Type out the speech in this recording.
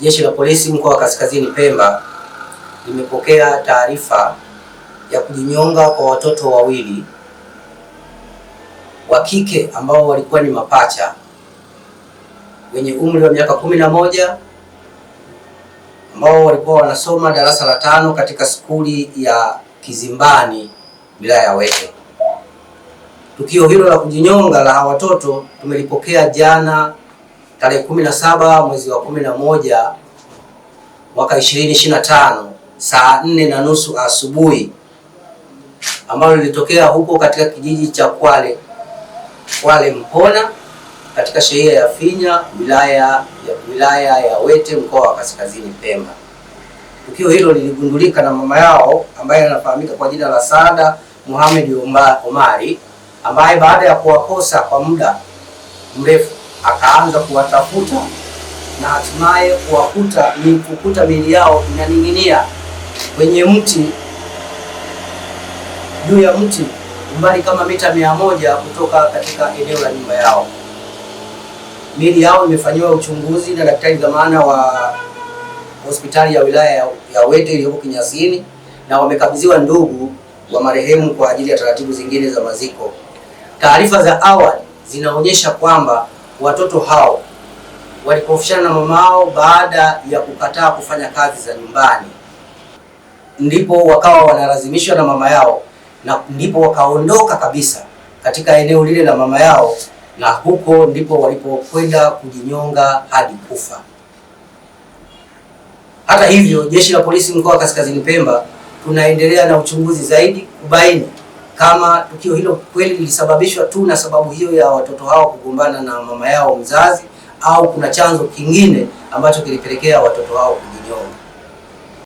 Jeshi la Polisi mkoa wa Kaskazini Pemba limepokea taarifa ya kujinyonga kwa watoto wawili wa kike ambao walikuwa ni mapacha wenye umri wa miaka kumi na moja ambao walikuwa wanasoma darasa la tano katika skuli ya Kizimbani wilaya ya Wete. Tukio hilo la kujinyonga la watoto tumelipokea jana tarehe kumi na saba mwezi wa kumi na moja mwaka ishirini ishirini na tano saa nne na nusu asubuhi ambalo lilitokea huko katika kijiji cha Kwale Kwale Mpona katika shehia ya Finya wilaya ya wilaya ya Wete mkoa wa Kaskazini Pemba. Tukio hilo liligundulika na mama yao ambaye anafahamika kwa jina la Saada Muhamed Omari ambaye baada ya kuwakosa kwa muda mrefu akaanza kuwatafuta na hatimaye kuwakuta ni kukuta miili yao inaning'inia kwenye mti juu ya mti umbali kama mita mia moja kutoka katika eneo la nyumba yao. Miili yao imefanyiwa uchunguzi na daktari dhamana wa hospitali ya wilaya ya Wete iliyoko Kinyasini na wamekabidhiwa ndugu wa marehemu kwa ajili ya taratibu zingine za maziko. Taarifa za awali zinaonyesha kwamba watoto hao walipofishana na mamao baada ya kukataa kufanya kazi za nyumbani, ndipo wakawa wanalazimishwa na mama yao, na ndipo wakaondoka kabisa katika eneo lile la mama yao, na huko ndipo walipokwenda kujinyonga hadi kufa. Hata hivyo, jeshi la polisi mkoa wa Kaskazini Pemba tunaendelea na uchunguzi zaidi kubaini kama tukio hilo kweli lilisababishwa tu na sababu hiyo ya watoto hao kugombana na mama yao mzazi, au kuna chanzo kingine ambacho kilipelekea watoto hao